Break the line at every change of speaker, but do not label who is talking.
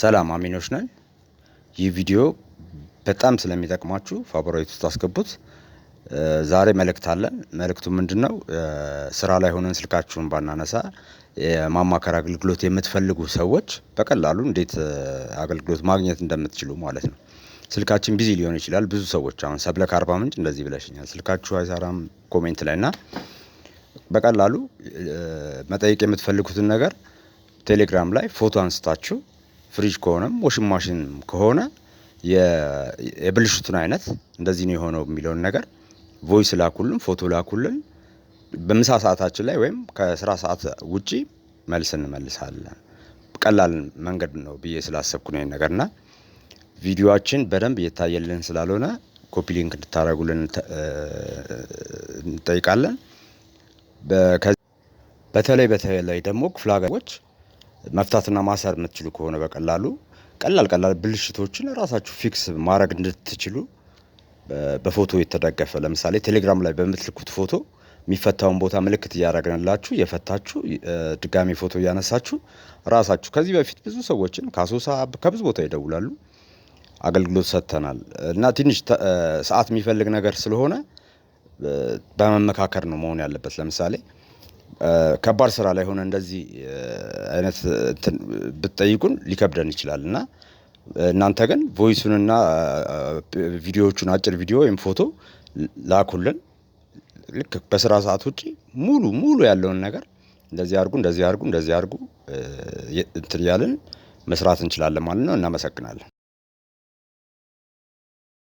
ሰላም አሚኖች ነን። ይህ ቪዲዮ በጣም ስለሚጠቅማችሁ ፋብራይት ውስጥ አስገቡት። ዛሬ መልእክት አለን። መልእክቱ ምንድን ነው? ስራ ላይ ሆነን ስልካችሁን ባናነሳ የማማከር አገልግሎት የምትፈልጉ ሰዎች በቀላሉ እንዴት አገልግሎት ማግኘት እንደምትችሉ ማለት ነው። ስልካችን ቢዚ ሊሆን ይችላል። ብዙ ሰዎች አሁን ሰብለክ አርባ ምንጭ እንደዚህ ብለሽኛል፣ ስልካችሁ አይሰራም ኮሜንት ላይ እና በቀላሉ መጠየቅ የምትፈልጉትን ነገር ቴሌግራም ላይ ፎቶ አንስታችሁ ፍሪጅ ከሆነም ዋሽንግ ማሽን ከሆነ የብልሽቱን አይነት እንደዚህ ነው የሆነው የሚለውን ነገር ቮይስ ላኩልን፣ ፎቶ ላኩልን። በምሳ ሰዓታችን ላይ ወይም ከስራ ሰዓት ውጪ መልስ እንመልሳለን። ቀላል መንገድ ነው ብዬ ስላሰብኩ ነው ይህን ነገርና ቪዲዮችን በደንብ እየታየልን ስላልሆነ ኮፒ ሊንክ እንድታደረጉልን እንጠይቃለን። በተለይ በተለይ ደግሞ ክፍለ ሀገሮች መፍታትና ማሰር የምትችሉ ከሆነ በቀላሉ ቀላል ቀላል ብልሽቶችን ራሳችሁ ፊክስ ማድረግ እንድትችሉ በፎቶ የተደገፈ ለምሳሌ ቴሌግራም ላይ በምትልኩት ፎቶ የሚፈታውን ቦታ ምልክት እያደረግንላችሁ የፈታችሁ ድጋሚ ፎቶ እያነሳችሁ ራሳችሁ ከዚህ በፊት ብዙ ሰዎችን ከአሶሳ ከብዙ ቦታ ይደውላሉ አገልግሎት ሰጥተናል እና ትንሽ ሰዓት የሚፈልግ ነገር ስለሆነ በመመካከር ነው መሆን ያለበት ለምሳሌ ከባድ ስራ ላይ ሆነ እንደዚህ አይነት ብትጠይቁን ሊከብደን ይችላል እና እናንተ ግን ቮይሱንና ቪዲዮዎቹን አጭር ቪዲዮ ወይም ፎቶ ላኩልን። ልክ በስራ ሰዓት ውጭ ሙሉ ሙሉ ያለውን ነገር እንደዚህ አርጉ እንደዚህ አርጉ፣ እንደዚህ አርጉ እንትን እያልን መስራት እንችላለን ማለት ነው። እናመሰግናለን።